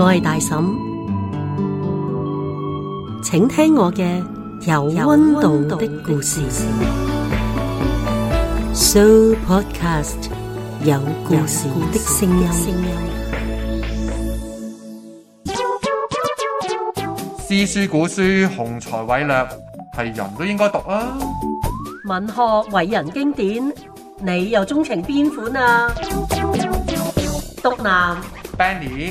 我係大嬸，請聽我嘅有溫度的故事。So podcast 有故事的聲音。詩書古書，雄才偉略係人都應該讀啊！文學偉人經典，你又鍾情邊款啊？讀男，Benny。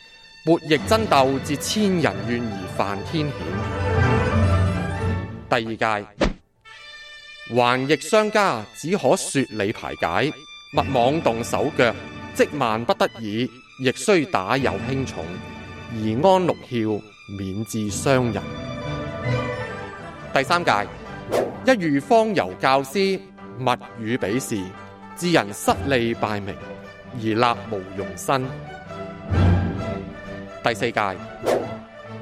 末義爭鬥，至千人怨而犯天譴。第二屆橫逆相加，只可說理排解，勿妄動手腳。即萬不得已，亦須打有輕重，而安六竅，免致傷人。第三屆一遇方由教師，勿與比試，致人失利敗名，而立無容身。第四屆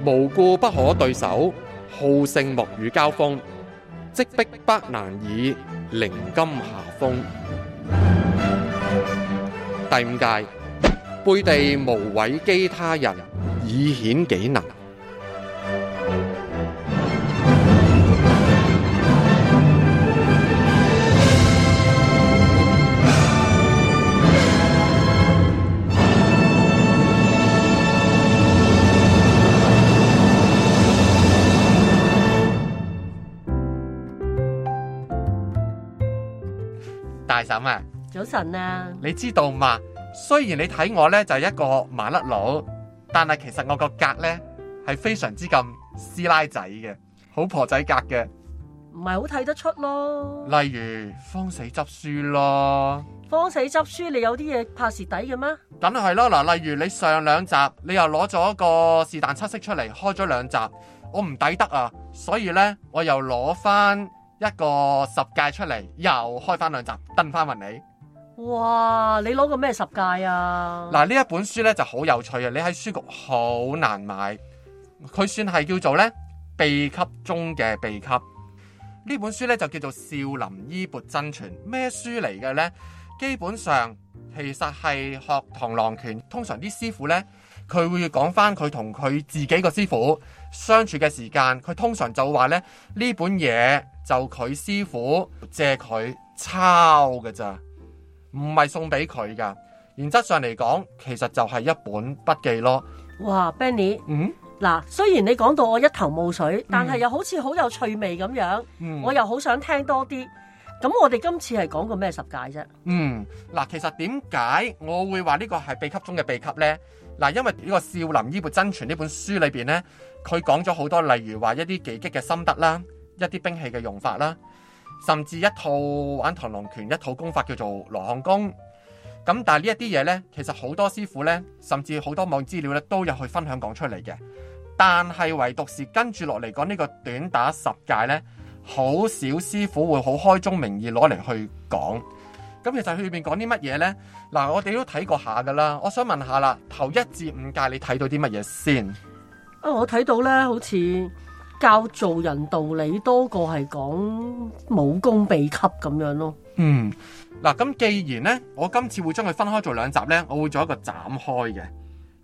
無故不可對手，好勝莫與交鋒，即逼不難以凌金下風。第五屆背地無委機他人，以顯己能。咁啊？早晨啊！早晨啊、你知道嘛？雖然你睇我咧就係、一個麻甩佬，但係其實我個格咧係非常之咁師奶仔嘅，好婆仔格嘅，唔係好睇得出咯。例如方死執書咯，方死執書，你有啲嘢怕蝕底嘅咩？梗係咯嗱，例如你上兩集你又攞咗個是但七色出嚟開咗兩集，我唔抵得啊，所以咧我又攞翻。一個十戒出嚟，又開翻兩集，登翻問你哇，你攞個咩十戒啊？嗱，呢一本書呢就好有趣啊。你喺書局好難買，佢算係叫做呢秘笈中嘅秘笈呢本書呢就叫做《少林衣缽真傳》咩書嚟嘅呢？基本上其實係學螳螂拳，通常啲師傅呢，佢會講翻佢同佢自己個師傅相處嘅時間，佢通常就話呢：「呢本嘢。就佢師傅借佢抄嘅咋，唔係送俾佢噶。原則上嚟講，其實就係一本筆記咯。哇，Benny，嗯，嗱，雖然你講到我一頭霧水，嗯、但係又好似好有趣味咁樣，嗯、我又好想聽多啲。咁我哋今次係講個咩十解啫？嗯，嗱，其實點解我會話呢個係秘笈中嘅秘笈呢？嗱，因為呢、呢個《少林衣缽真傳》呢本書裏邊呢，佢講咗好多，例如話一啲技擊嘅心得啦。一啲兵器嘅用法啦，甚至一套玩螳螂拳，一套功法叫做羅漢功。咁但係呢一啲嘢呢，其實好多師傅呢，甚至好多網資料呢，都有去分享講出嚟嘅。但係唯獨是跟住落嚟講呢個短打十屆呢，好少師傅會好開宗明義攞嚟去講。咁其實佢裏面講啲乜嘢呢？嗱，我哋都睇過下噶啦。我想問下啦，頭一至五屆你睇到啲乜嘢先？啊，我睇到呢好似。教做人道理多過係講武功秘笈咁樣咯。嗯，嗱，咁既然呢，我今次會將佢分開做兩集呢，我會做一個斬開嘅。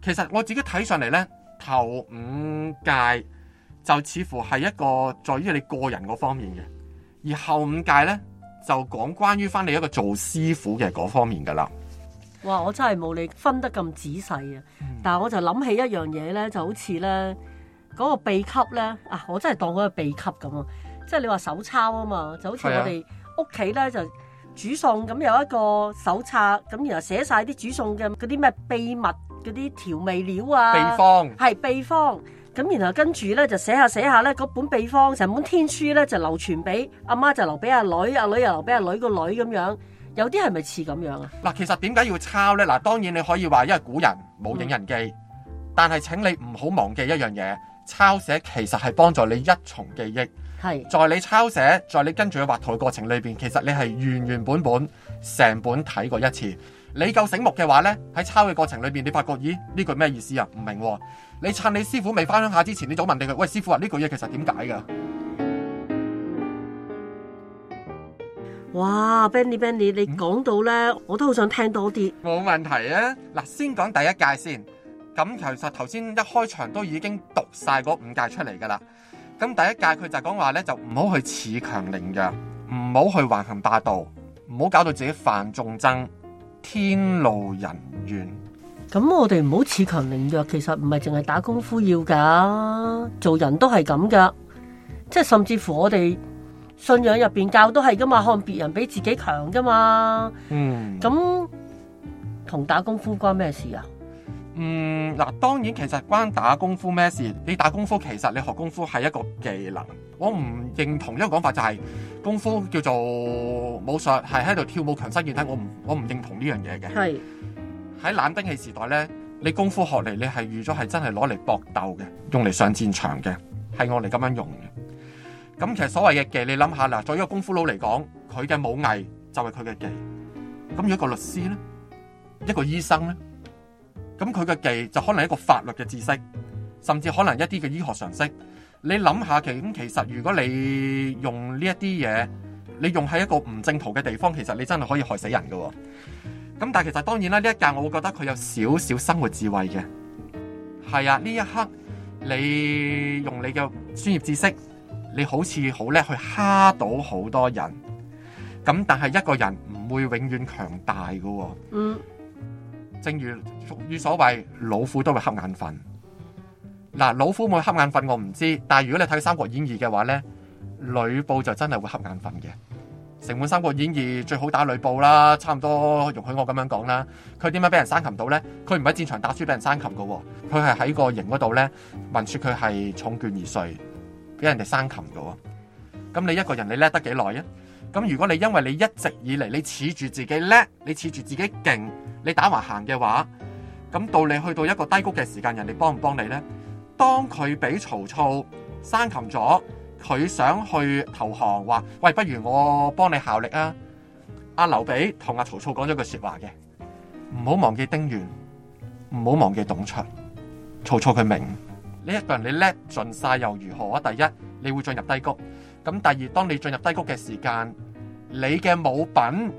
其實我自己睇上嚟，呢頭五屆就似乎係一個在於你個人嗰方面嘅，而後五屆呢，就講關於翻你一個做師傅嘅嗰方面噶啦。哇，我真係冇你分得咁仔細啊！嗯、但係我就諗起一樣嘢呢，就好似呢。嗰個秘笈咧啊，我真係當嗰個秘笈咁啊！即係你話手抄啊嘛，就好似我哋屋企咧就煮餸咁，有一個手冊咁，然後寫晒啲煮餸嘅嗰啲咩秘密嗰啲調味料啊，秘方係秘方咁，然後跟住咧就寫下寫下咧嗰本秘方成本天書咧就流傳俾阿媽，媽，就留俾阿女，阿女又留俾阿女個女咁樣，有啲係咪似咁樣啊？嗱，其實點解要抄咧？嗱，當然你可以話，因為古人冇影印機，嗯、但係請你唔好忘記一樣嘢。抄寫其實係幫助你一重記憶，係是在你抄寫，在你跟住去畫圖嘅過程裏邊，其實你係原原本本成本睇過一次。你夠醒目嘅話呢，喺抄嘅過程裏邊，你發覺咦呢、哎、句咩意思啊？唔明、啊。你趁你師傅未翻鄉下之前，你早問地佢。喂，師傅啊，呢句嘢其實點解㗎？哇，Benny，Benny，Benny，你講到呢，我都好想聽多啲。冇、嗯、問題啊，嗱，先講第一屆先。咁其實頭先一開場都已經讀晒嗰五戒出嚟噶啦，咁第一戒佢就講話咧，就唔好去恃強凌弱，唔好去橫行霸道，唔好搞到自己犯眾憎、天怒人怨。咁我哋唔好恃強凌弱，其實唔係淨係打功夫要噶，做人都係咁噶，即係甚至乎我哋信仰入邊教都係噶嘛，看別人比自己強噶嘛，嗯，咁同打功夫關咩事啊？嗯，嗱，當然其實關打功夫咩事？你打功夫其實你學功夫係一個技能，我唔認同一個講法就係、是、功夫叫做武術係喺度跳舞強身健體，我唔我唔認同呢樣嘢嘅。係喺是冷兵器時代咧，你功夫學嚟你係預咗係真係攞嚟搏鬥嘅，用嚟上戰場嘅，係我哋咁樣用嘅。咁其實所謂嘅技，你諗下嗱，作為一個功夫佬嚟講，佢嘅武藝就係佢嘅技。咁如果一個律師咧，一個醫生咧？咁佢嘅技就可能係一個法律嘅知識，甚至可能一啲嘅醫學常識。你諗下其咁，其實如果你用呢一啲嘢，你用喺一個唔正途嘅地方，其實你真係可以害死人噶。咁但係其實當然啦，呢一屆我會覺得佢有少少生活智慧嘅。係啊，呢一刻你用你嘅專業知識，你好似好叻去蝦到好多人。咁但係一個人唔會永遠強大噶。嗯。正如俗語所謂，老虎都會瞌眼瞓。嗱，老虎會瞌眼瞓我唔知，但係如果你睇《三國演義》嘅話咧，呂布就真係會瞌眼瞓嘅。成本《三國演義》最好打呂布啦，差唔多容許我咁樣講啦。佢點解俾人生擒到咧？佢唔喺戰場打輸俾人生擒噶，佢係喺個營嗰度咧，聞說佢係重倦而睡，俾人哋生擒噶。咁你一個人你叻得幾耐啊？咁如果你因為你一直以嚟你恃住自己叻，你恃住自己勁，你打橫行嘅話，咁到你去到一個低谷嘅時間，人哋幫唔幫你呢？當佢俾曹操生擒咗，佢想去投降，話喂，不如我幫你效力啊！阿劉備同阿曹操講咗句説話嘅，唔好忘記丁原，唔好忘記董卓。曹操佢明呢一個人你叻盡晒又如何啊？第一，你會進入低谷。咁第二，當你進入低谷嘅時間，你嘅武品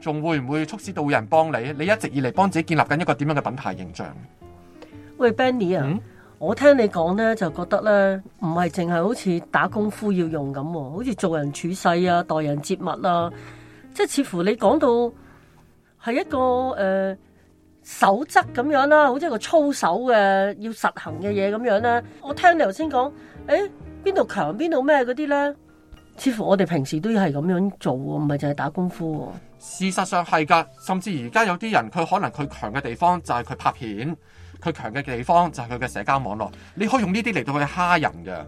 仲會唔會促使到人幫你？你一直以嚟幫自己建立緊一個點樣嘅品牌形象？喂，Benny 啊，嗯、我聽你講咧，就覺得咧，唔係淨係好似打功夫要用咁，好似做人處世啊、待人接物啊，即係似乎你講到係一個誒、呃、守則咁樣啦，好似一個操守嘅要實行嘅嘢咁樣啦。我聽你頭先講，誒、欸。邊度強邊度咩嗰啲呢？似乎我哋平時都要係咁樣做，唔係就係打功夫。事實上係噶，甚至而家有啲人佢可能佢強嘅地方就係佢拍片，佢強嘅地方就係佢嘅社交網絡。你可以用呢啲嚟到去蝦人噶，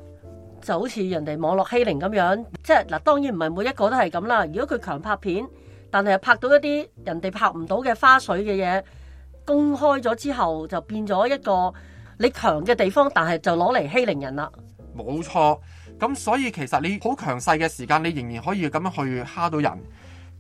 就好似人哋網絡欺凌咁樣。即係嗱，當然唔係每一個都係咁啦。如果佢強拍片，但係拍到一啲人哋拍唔到嘅花絮嘅嘢公開咗之後，就變咗一個你強嘅地方，但係就攞嚟欺凌人啦。冇錯，咁所以其實你好強勢嘅時間，你仍然可以咁樣去蝦到人。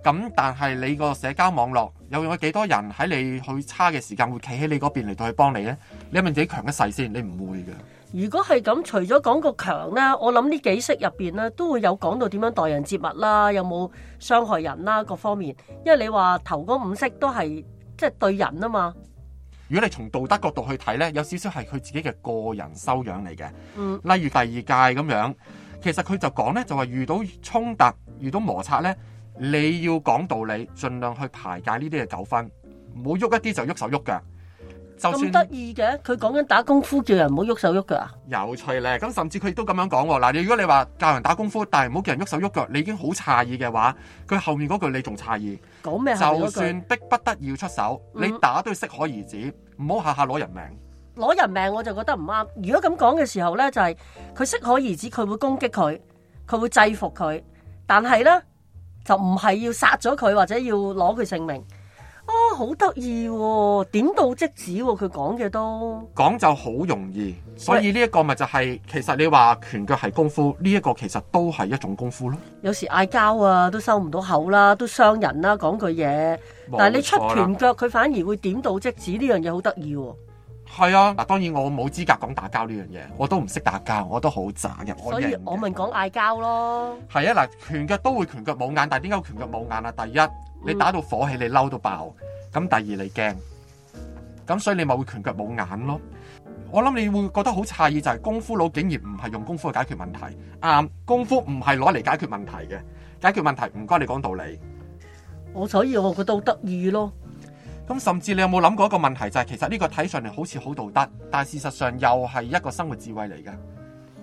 咁但係你個社交網絡又有幾多人喺你去差嘅時間會企喺你嗰邊嚟到去幫你呢？你諗自己強一世先？你唔會嘅。如果係咁，除咗講個強呢，我諗呢幾式入邊呢，都會有講到點樣待人接物啦，有冇傷害人啦，各方面。因為你話頭嗰五式都係即係對人啊嘛。如果你從道德角度去睇咧，有少少係佢自己嘅個人修養嚟嘅。例如第二屆咁樣，其實佢就講呢，就話遇到衝突、遇到摩擦呢，你要講道理，盡量去排解呢啲嘅糾紛，唔好喐一啲就喐手喐腳。咁得意嘅，佢講緊打功夫叫人唔好喐手喐腳啊！有趣咧，咁甚至佢都咁樣講喎。嗱，你如果你話教人打功夫，但係唔好叫人喐手喐腳，你已經好詫異嘅話，佢後面嗰句你仲詫異。講咩？就算逼不得已出手，嗯、你打都要適可而止，唔好下下攞人命。攞人命我就覺得唔啱。如果咁講嘅時候呢，就係、是、佢適可而止，佢會攻擊佢，佢會制服佢，但係呢，就唔係要殺咗佢或者要攞佢性命。好得意喎！點到即止喎，哦，佢講嘅都講就好容易，所以呢一個咪就係、是、其實你話拳腳係功夫，呢、這、一個其實都係一種功夫咯。有時嗌交啊，都收唔到口啦，都傷人啦，講句嘢，但係你出拳腳，佢反而會點到即止，呢樣嘢好得意喎。係啊，嗱，當然我冇資格講打交呢樣嘢，我都唔識打交，我都好渣嘅。所以我咪講嗌交咯。係啊，嗱，拳腳都會拳腳冇眼，但係點解拳腳冇眼啊？第一。你打到火氣，你嬲到爆，咁第二你驚，咁所以你咪會拳腳冇眼咯。我諗你會覺得好詫異，就係、是、功夫佬竟然唔係用功夫去解決問題。啱、嗯，功夫唔係攞嚟解決問題嘅，解決問題唔該你講道理。我所以我覺得好得意咯。咁甚至你有冇諗過一個問題就係、是，其實呢個睇上嚟好似好道德，但係事實上又係一個生活智慧嚟嘅。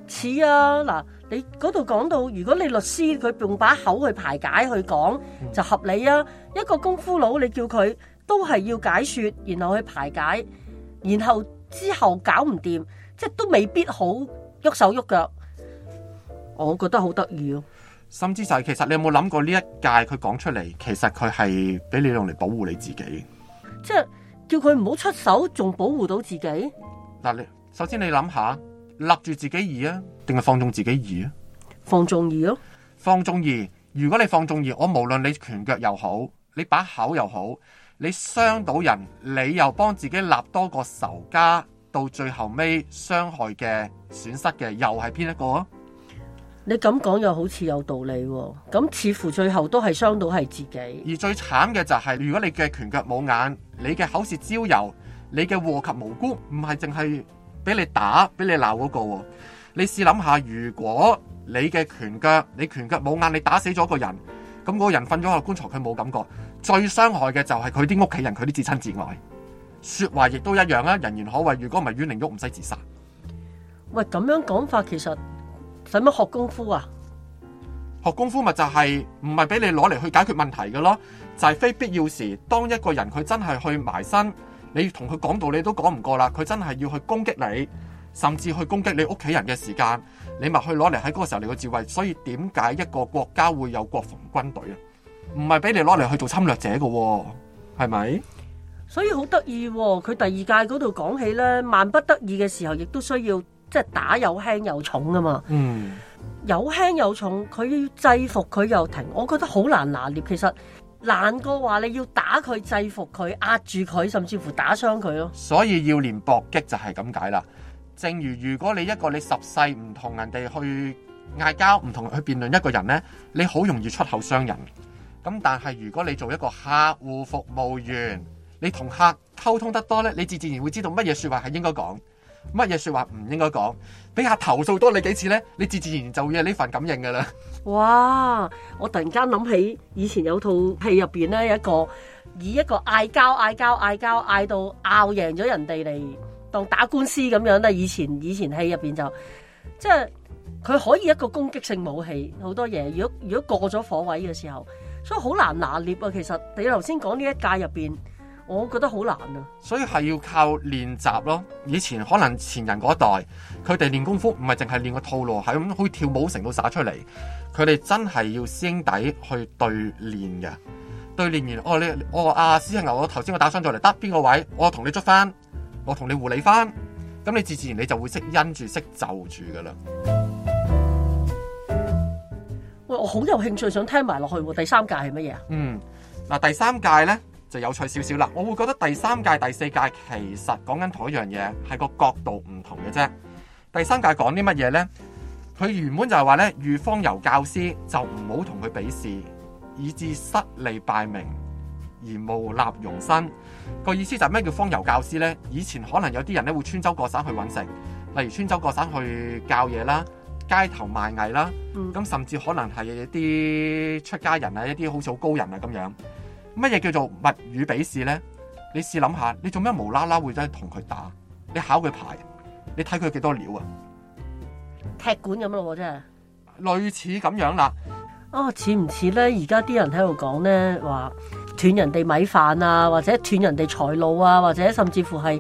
似啊，嗱，你嗰度講到，如果你律師佢用把口去排解去講，就合理啊。一個功夫佬，你叫佢都係要解說，然後去排解，然後之後搞唔掂，即係都未必好喐手喐腳。我覺得好得意咯。甚至就係，其實你有冇諗過呢一屆佢講出嚟，其實佢係俾你用嚟保護你自己。即係叫佢唔好出手，仲保護到自己。嗱，你首先你諗下。立住自己二啊，定係放縱自己二啊？放縱二咯、哦，放縱二。如果你放縱二，我無論你拳腳又好，你把口又好，你傷到人，你又幫自己立多個仇家，到最後尾傷害嘅損失嘅，又係邊一個、啊？你咁講又好似有道理、哦，咁似乎最後都係傷到係自己。而最慘嘅就係、是，如果你嘅拳腳冇眼，你嘅口舌招尤，你嘅禍及無辜，唔係淨係。俾你打，俾你鬧嗰、那個，你試諗下，如果你嘅拳腳，你拳腳冇眼，你打死咗個人，咁、那、嗰個人瞓咗喺棺材，佢冇感覺，最傷害嘅就係佢啲屋企人，佢啲至親至愛。說話亦都一樣啦，人言可畏。如果唔係，阮玲玉唔使自殺。喂，咁樣講法其實使乜學功夫啊？學功夫咪就係唔係俾你攞嚟去解決問題嘅咯？就係、是、非必要時，當一個人佢真係去埋身。你同佢講道理都講唔過啦，佢真係要去攻擊你，甚至去攻擊你屋企人嘅時間，你咪去攞嚟喺嗰個時候你個智慧。所以點解一個國家會有國防軍隊啊？唔係俾你攞嚟去做侵略者噶，係咪？所以好得意，佢第二屆嗰度講起呢，萬不得已嘅時候亦都需要即係打有輕有重噶嘛。嗯，有輕有重，佢制服佢又停，我覺得好難拿捏。其實。難過話你要打佢制服佢壓住佢甚至乎打傷佢咯，所以要練搏擊就係咁解啦。正如如果你一個你十世唔同人哋去嗌交，唔同人去辯論一個人呢，你好容易出口傷人。咁但係如果你做一個客戶服務員，你同客溝通得多呢，你自自然會知道乜嘢說話係應該講，乜嘢說話唔應該講。俾客投訴多你幾次呢，你自自然就會有呢份感應噶啦。哇！我突然間諗起以前有套戲入邊咧，一個以一個嗌交、嗌交、嗌交嗌到拗贏咗人哋嚟當打官司咁樣啦。以前以前戲入邊就即係佢可以一個攻擊性武器好多嘢，如果如果過咗火位嘅時候，所以好難拿捏啊。其實你頭先講呢一屆入邊。我覺得好難啊！所以係要靠練習咯。以前可能前人嗰代，佢哋練功夫唔係淨係練個套路，係咁可以跳舞成套耍出嚟。佢哋真係要師兄弟去對練嘅。對練完，哦你，哦阿、啊、師兄，我頭先我打傷咗嚟，得邊個位？我同你捉翻，我同你護理翻。咁你自自然你就會識因住識就住噶啦。喂，我好有興趣想聽埋落去喎、啊。第三屆係乜嘢啊？嗯，嗱、啊，第三屆咧。就有趣少少啦，我會覺得第三屆第四屆其實講緊同一樣嘢，係個角度唔同嘅啫。第三屆講啲乜嘢呢？佢原本就係話呢，遇方遊教師就唔好同佢比試，以致失利敗名而無立容身、嗯。個意思就係咩叫方遊教師呢？以前可能有啲人呢，會穿州過省去揾食，例如穿州過省去教嘢啦、街頭賣藝啦，咁甚至可能係一啲出家人啊、一啲好早高人啊咁樣。乜嘢叫做物語比試咧？你試諗下，你做咩無啦啦會真係同佢打？你考佢牌，你睇佢幾多料啊？踢館咁咯，真係類似咁樣啦。哦，似唔似咧？而家啲人喺度講咧，話斷人哋米飯啊，或者斷人哋財路啊，或者甚至乎係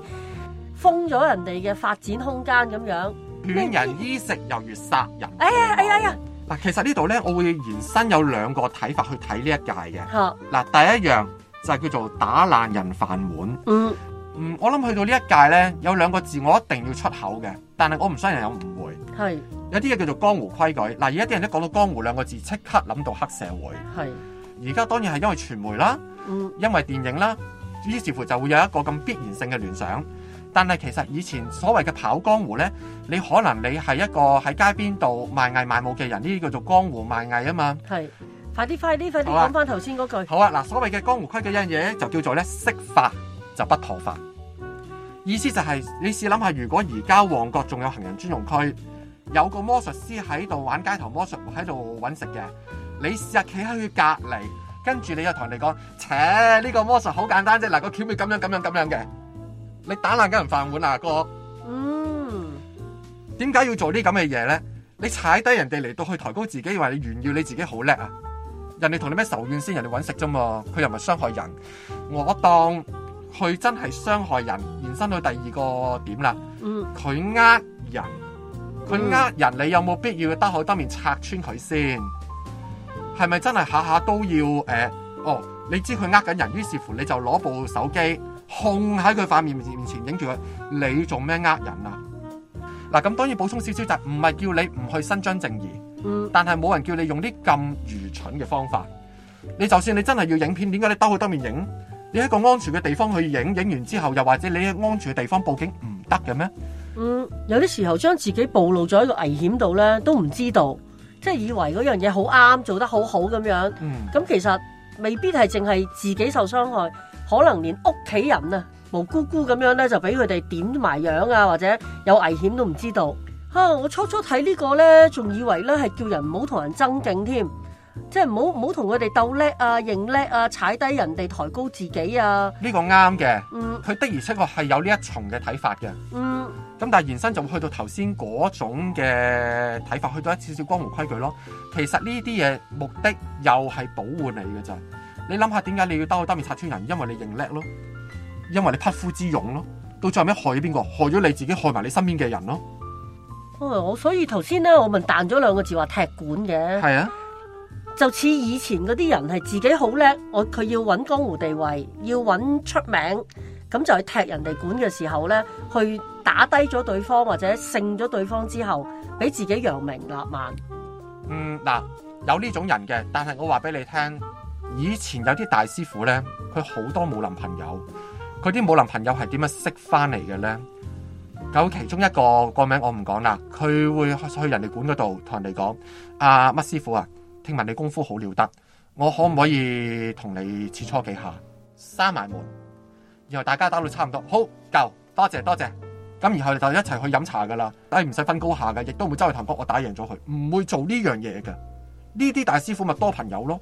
封咗人哋嘅發展空間咁樣。斷人衣食又越殺人。哎呀，哎呀，哎呀！嗱，其實呢度呢，我會延伸有兩個睇法去睇呢一屆嘅。嗱是，第一樣就係叫做打爛人飯碗。嗯，我諗去到呢一屆呢，有兩個字我一定要出口嘅，但係我唔相信有誤會。係是，有啲嘢叫做江湖規矩。嗱，而家啲人都講到江湖兩個字，即刻諗到黑社會。係是，而家當然係因為傳媒啦，嗯、因為電影啦，於是乎就會有一個咁必然性嘅聯想。但係其實以前所謂嘅跑江湖咧，你可能你係一個喺街邊度賣藝賣武嘅人，呢啲叫做江湖賣藝啊嘛。係快啲快啲快啲講翻頭先嗰句。好啊，嗱、啊，所謂嘅江湖規矩一樣嘢就叫做咧，釋法就不妥法。意思就係、是、你試諗下，如果而家旺角仲有行人專用區，有個魔術師喺度玩街頭魔術，喺度揾食嘅，你試下企喺佢隔籬，跟住你又同人哋講，扯呢、這個魔術好簡單啫，嗱個橋尾咁樣咁樣咁樣嘅。你打爛緊人飯碗啊，哥，哥！嗯，點解要做啲咁嘅嘢咧？你踩低人哋嚟到去抬高自己，以為你炫耀你自己好叻啊！人哋同你咩仇怨先？人哋搵食啫嘛，佢又唔係傷害人。我當佢真係傷害人，延伸到第二個點啦。嗯，佢呃人，佢呃人，你有冇必要得好當面拆穿佢先？係咪真係下下都要？誒、欸，哦，你知佢呃緊人，於是乎你就攞部手機。控喺佢塊面面前影住佢，你做咩呃人啊？嗱，咁當然補充少少就唔係叫你唔去伸張正義，嗯、但係冇人叫你用啲咁愚蠢嘅方法。你就算你真係要影片，點解你兜去兜面影？你喺個安全嘅地方去影，影完之後又或者你喺安全嘅地方報警，唔得嘅咩？嗯，有啲時候將自己暴露咗喺個危險度咧，都唔知道，即係以為嗰樣嘢好啱，做得好好咁樣，咁、嗯、其實未必係淨係自己受傷害。可能連屋企人啊，無辜辜咁樣咧，就俾佢哋點埋樣啊，或者有危險都唔知道。啊,我初初睇呢個咧，仲以為咧係叫人唔好同人爭勁添，即係唔好唔好同佢哋鬥叻啊、認叻啊、踩低人哋、抬高自己啊。呢個啱嘅，嗯，佢的而且確係有呢一重嘅睇法嘅，嗯。咁但係延伸就去到頭先嗰種嘅睇法，去到一少少江湖規矩咯。其實呢啲嘢目的又係保護你嘅咋。你諗下點解你要當面拆穿人？因為你認叻咯，因為你匹夫之勇咯。到最後尾害咗邊個？害咗你自己，害埋你身邊嘅人咯。我、哎、所以頭先咧，我咪彈咗兩個字話踢館嘅。係啊，就似以前嗰啲人係自己好叻，我佢要揾江湖地位，要揾出名，咁就去踢人哋館嘅時候咧，去打低咗對方或者勝咗對方之後，俾自己揚名立萬。嗯，嗱，有呢種人嘅，但係我話俾你聽。以前有啲大師傅咧，佢好多武林朋友，佢啲武林朋友係點樣識翻嚟嘅咧？有其中一個，個名我唔講啦，佢會去人哋館嗰度同人哋講，啊，乜師傅啊，聽聞你功夫好了得，我可唔可以同你切磋幾下？閂埋門，然後大家打到差唔多，好夠，多謝多謝。咁然後就一齊去飲茶噶啦，但係唔使分高下嘅，亦都唔會周圍同人講，我打贏咗佢，唔會做呢樣嘢嘅。呢啲大師傅咪多朋友咯。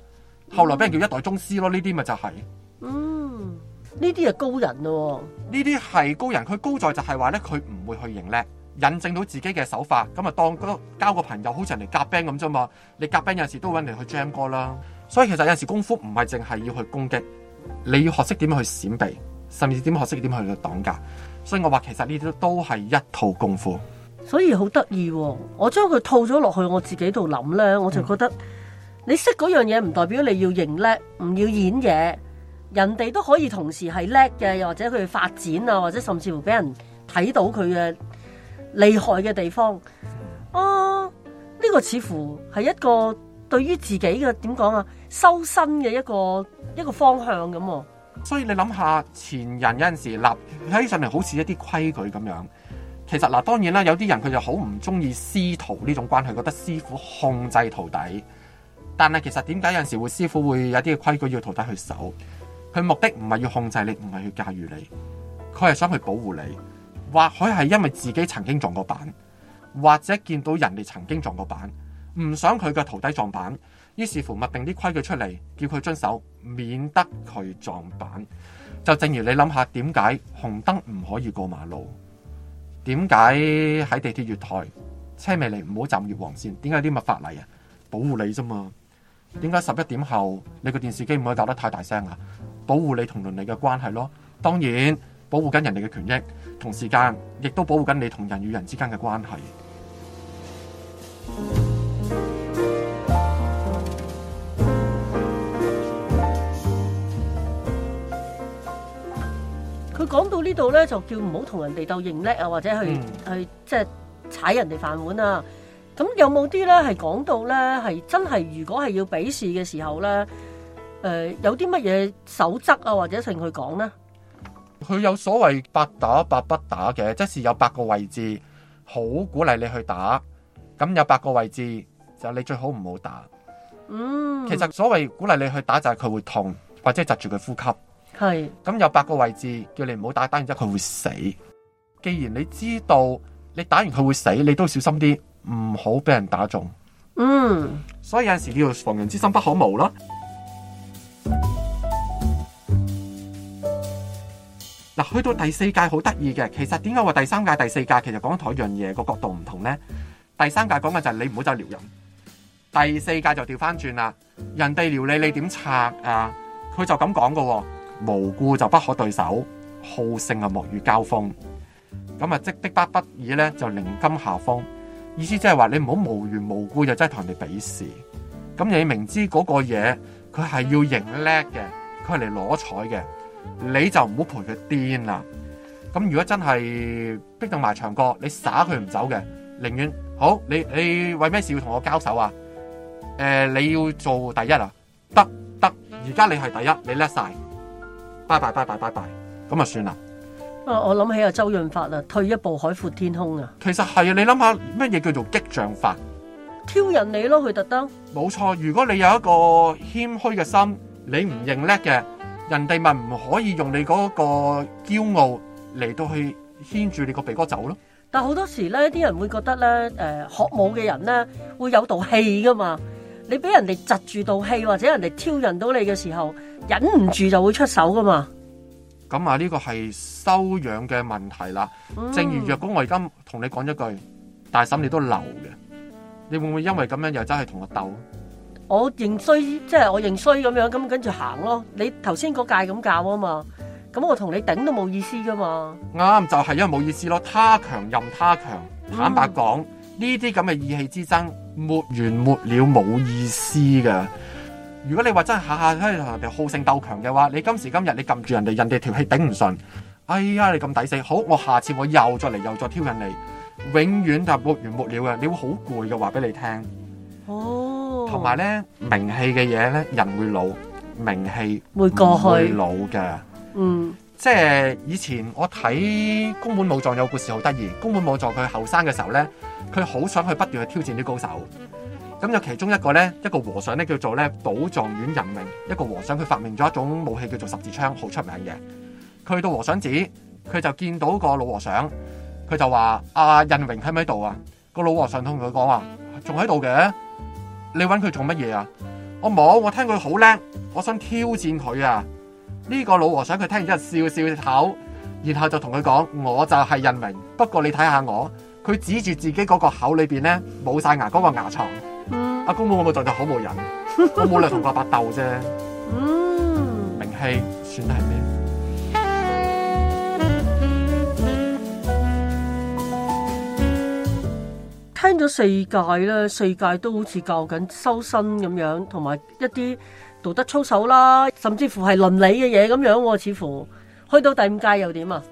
後來俾人叫一代宗師咯，呢啲咪就係、是、嗯，呢啲啊高人咯，呢啲係高人，佢高在就係話咧，佢唔會去認叻，印證到自己嘅手法，咁啊當交個朋友，好似人哋夾 band 咁啫嘛，你夾 band 有陣時都揾嚟去 jam 歌啦，所以其實有陣時功夫唔係淨係要去攻擊，你要學識點去閃避，甚至點學識點去擋架，所以我話其實呢啲都係一套功夫，所以好得意喎，我將佢套咗落去我自己度諗咧，我就覺得、嗯。你識嗰樣嘢唔代表你要認叻，唔要演嘢，人哋都可以同時係叻嘅，又或者佢發展啊，或者甚至乎俾人睇到佢嘅厲害嘅地方。啊，呢個似乎係一個對於自己嘅，點講啊，修身嘅一個一個方向咁。所以你諗下前人有陣時立睇起上面好似一啲規矩咁樣，其實嗱，當然啦，有啲人佢就好唔中意師徒呢種關係，覺得師傅控制徒弟。但係其實點解有陣時會師傅會有啲嘅規矩要徒弟去守，佢目的唔係要控制你，唔係去駕馭你，佢係想去保護你。或許係因為自己曾經撞過板，或者見到人哋曾經撞過板，唔想佢嘅徒弟撞板，於是乎默定啲規矩出嚟，叫佢遵守，免得佢撞板。就正如你諗下，點解紅燈唔可以過馬路？點解喺地鐵月台車未嚟唔好站越黃線？點解啲咁嘅法例啊？保護你啫嘛？點解十一點後你個電視機唔可以搞得太大聲啊？保護你同鄰里嘅關係咯，當然保護緊人哋嘅權益，同時間亦都保護緊你同人與人之間嘅關係。佢講到呢度咧，就叫唔好同人哋鬥認叻啊，或者去去即係踩人哋飯碗啊！咁有冇啲咧，係講到咧，係真係如果係要比試嘅時候咧，誒、呃、有啲乜嘢守則啊，或者剩佢講呢？佢有所謂八打八不打嘅，即係有八個位置好鼓勵你去打，咁有八個位置就你最好唔好打。嗯，其實所謂鼓勵你去打就係佢會痛或者窒住佢呼吸。係咁是有八個位置叫你唔好打，打完之後佢會死。既然你知道你打完佢會死，你都要小心啲。唔好俾人打中，嗯，所以有陣時叫做防人之心不可無啦。嗱，去到第四屆好得意嘅，其實點解話第三屆、第四屆其實講同一樣嘢，個角度唔同咧？第三屆講嘅就係你唔好再撩人，第四屆就調翻轉啦，人哋撩你，你點拆啊？佢就咁講嘅，無故就不可對手，好勝啊，莫與交鋒，咁啊，即的不不已咧，就零金下風。意思即係話你唔好無緣無故就真係同人哋比試，咁你明知嗰個嘢佢係要贏叻嘅，佢係嚟攞彩嘅，你就唔好陪佢癲啦。咁如果真係逼到埋牆角，你耍佢唔走嘅，寧願好你你為咩事要同我交手啊？誒、呃，你要做第一啊？得得，而家你係第一，你叻晒，拜拜拜拜拜拜，咁啊算啦。啊！我諗起阿周潤發啦，退一步海闊天空啊！其實係啊，你諗下咩嘢叫做激將法？挑釁你咯，佢特登。冇錯，如果你有一個謙虛嘅心，你唔認叻嘅，人哋咪唔可以用你嗰個驕傲嚟到去牽住你個鼻哥走咯。但係好多時咧，啲人會覺得咧，誒、呃，學武嘅人咧會有道氣噶嘛？你俾人哋窒住道氣，或者人哋挑釁到你嘅時候，忍唔住就會出手噶嘛？咁啊，呢個係修養嘅問題啦。正如若果我而家同你講一句，大嫂、嗯、你都流嘅，你會唔會因為咁樣又走去同我鬥？我認衰，即、就、係、是、我認衰咁樣，咁跟住行咯。你頭先嗰界咁教啊嘛，咁我同你頂都冇意思噶嘛。啱就係、是、因為冇意思咯。他強任他強，坦白講呢啲咁嘅意氣之爭，沒完沒了冇意思噶。如果你話真係下下都同人哋好勝鬥強嘅話，你今時今日你撳住人哋，人哋條氣頂唔順，哎呀你咁抵死，好，我下次我又再嚟又再挑釁你，永遠就沒完沒了嘅，你會好攰嘅，話俾你聽。哦，同埋咧名氣嘅嘢咧，人會老，名氣會，會過去，老嘅。嗯，即係以前我睇宮本武藏有故事好得意，宮本武藏佢後生嘅時候咧，佢好想去不斷去挑戰啲高手。咁有其中一個咧，一個和尚咧叫做咧寶藏院仁榮，一個和尚佢發明咗一種武器叫做十字槍，好出名嘅。佢到和尚寺，佢就見到個老和尚，佢就話：阿仁榮，喺唔喺度啊？是是那個老和尚同佢講啊，仲喺度嘅，你揾佢做乜嘢啊？我冇，我聽佢好叻，我想挑戰佢啊！呢、這個老和尚佢聽完之後笑笑口，然後就同佢講：我就係仁榮，不過你睇下我，佢指住自己嗰個口裏面咧冇晒牙嗰、那個牙床。」阿公母我咪就就好冇人， 我冇力同佢阿伯鬥啫。嗯，名氣算得係咩？聽咗四屆咧，四屆都好似教緊修身咁樣，同埋一啲道德操守啦，甚至乎係倫理嘅嘢咁樣喎。似乎到去到第五屆又點啊？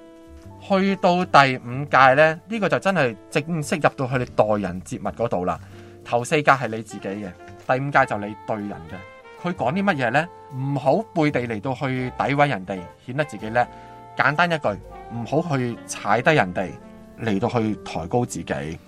去到第五屆咧，呢個就真係正式入到佢哋待人接物嗰度啦。頭四屆係你自己嘅，第五屆就你對人嘅。佢講啲乜嘢呢？唔好背地嚟到去詆毀人哋，顯得自己叻。簡單一句，唔好去踩低人哋嚟到去抬高自己。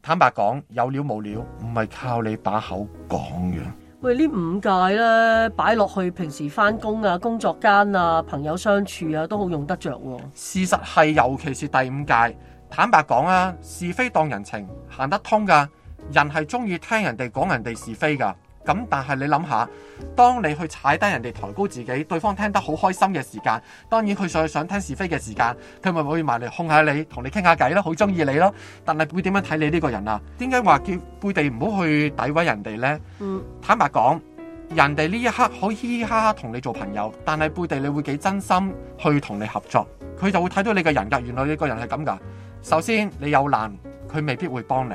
坦白講，有料冇料唔係靠你把口講嘅。喂，呢五屆呢，擺落去平時翻工啊、工作間啊、朋友相處啊，都好用得着喎。事實係，尤其是第五屆，坦白講啊，是非當人情，行得通噶。人係中意聽人哋講人哋是非噶，咁但係你諗下，當你去踩低人哋，抬高自己，對方聽得好開心嘅時間，當然佢上去想聽是非嘅時間，佢咪可以埋嚟控下你，同你傾下偈咯，好中意你咯。但係會點樣睇你呢個人啊？點解話叫背地唔好去詆毀人哋呢？嗯，坦白講，人哋呢一刻好嘻嘻哈哈同你做朋友，但係背地你會幾真心去同你合作，佢就會睇到你嘅人格。原來你個人係咁噶。首先你有難，佢未必會幫你。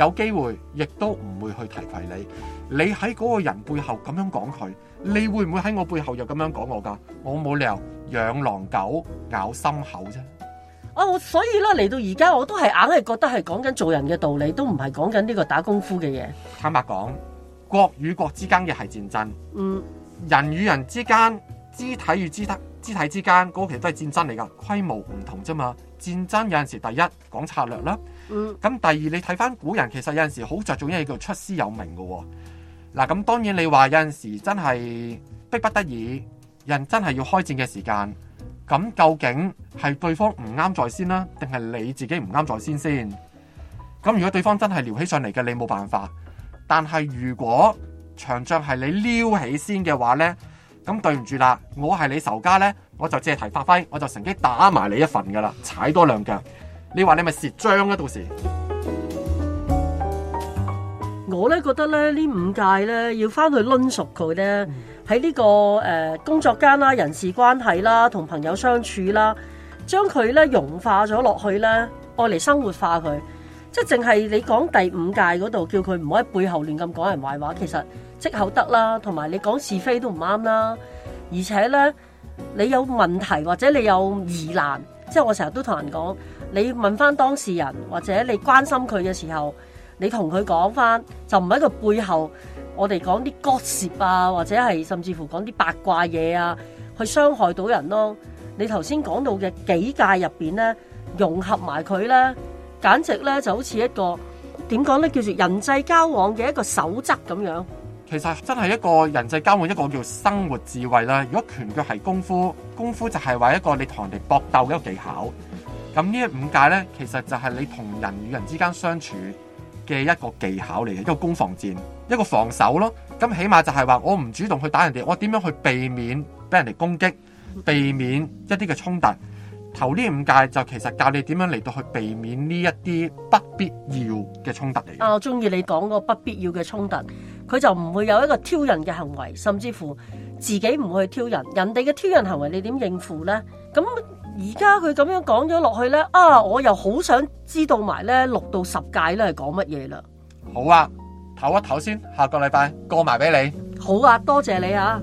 有機會，亦都唔會去提攜你。你喺嗰個人背後咁樣講佢，你會唔會喺我背後又咁樣講我噶？我冇理由養狼狗咬心口啫。哦，所以啦，嚟到而家，我都係硬係覺得係講緊做人嘅道理，都唔係講緊呢個打功夫嘅嘢。坦白講，國與國之間嘅係戰爭。嗯，人與人之間，肢體與肢體、肢體之間，嗰個其實都係戰爭嚟噶，規模唔同啫嘛。戰爭有陣時，第一講策略啦。咁第二，你睇翻古人，其實有陣時好着重一樣嘢叫出師有名嘅喎、哦。嗱，咁當然你話有陣時真係逼不得已，人真係要開戰嘅時間。咁究竟係對方唔啱在先啦，定係你自己唔啱在先先？咁如果對方真係撩起上嚟嘅，你冇辦法。但係如果長將係你撩起先嘅話呢，咁對唔住啦，我係你仇家呢，我就借題發揮，我就乘機打埋你一份噶啦，踩多兩腳。你話你咪蝕張啊！到時我咧覺得咧呢這五屆咧要翻去溫熟佢咧，喺呢、嗯這個誒、呃、工作間啦、人事關係啦、同朋友相處啦，將佢咧融化咗落去咧，愛嚟生活化佢，即係淨係你講第五屆嗰度，叫佢唔好喺背後亂咁講人壞話。其實積口德啦，同埋你講是非都唔啱啦，而且咧你有問題或者你有疑難。即係我成日都同人講，你問翻當事人或者你關心佢嘅時候，你同佢講翻，就唔係個背後，我哋講啲割舌啊，或者係甚至乎講啲八卦嘢啊，去傷害到人咯，啊。你頭先講到嘅幾界入邊呢，融合埋佢呢，簡直呢就好似一個點講呢，叫做人際交往嘅一個守則咁樣。其實真係一個人際交往一個叫做生活智慧啦。如果拳腳係功夫，功夫就係話一個你同人哋搏鬥嘅一個技巧。咁呢五戒呢，其實就係你同人與人之間相處嘅一個技巧嚟嘅，一個攻防戰，一個防守咯。咁起碼就係話我唔主動去打人哋，我點樣去避免俾人哋攻擊，避免一啲嘅衝突。頭呢五戒就其實教你點樣嚟到去避免呢一啲不必要嘅衝突嚟嘅。啊，我中意你講個不必要嘅衝突。佢就唔會有一個挑釁嘅行為，甚至乎自己唔會去挑釁人，人哋嘅挑釁行為你點應付呢？咁而家佢咁樣講咗落去呢，啊，我又好想知道埋呢六到十屆呢係講乜嘢啦。好啊，唞一唞先，下個禮拜過埋俾你。好啊，多謝你啊。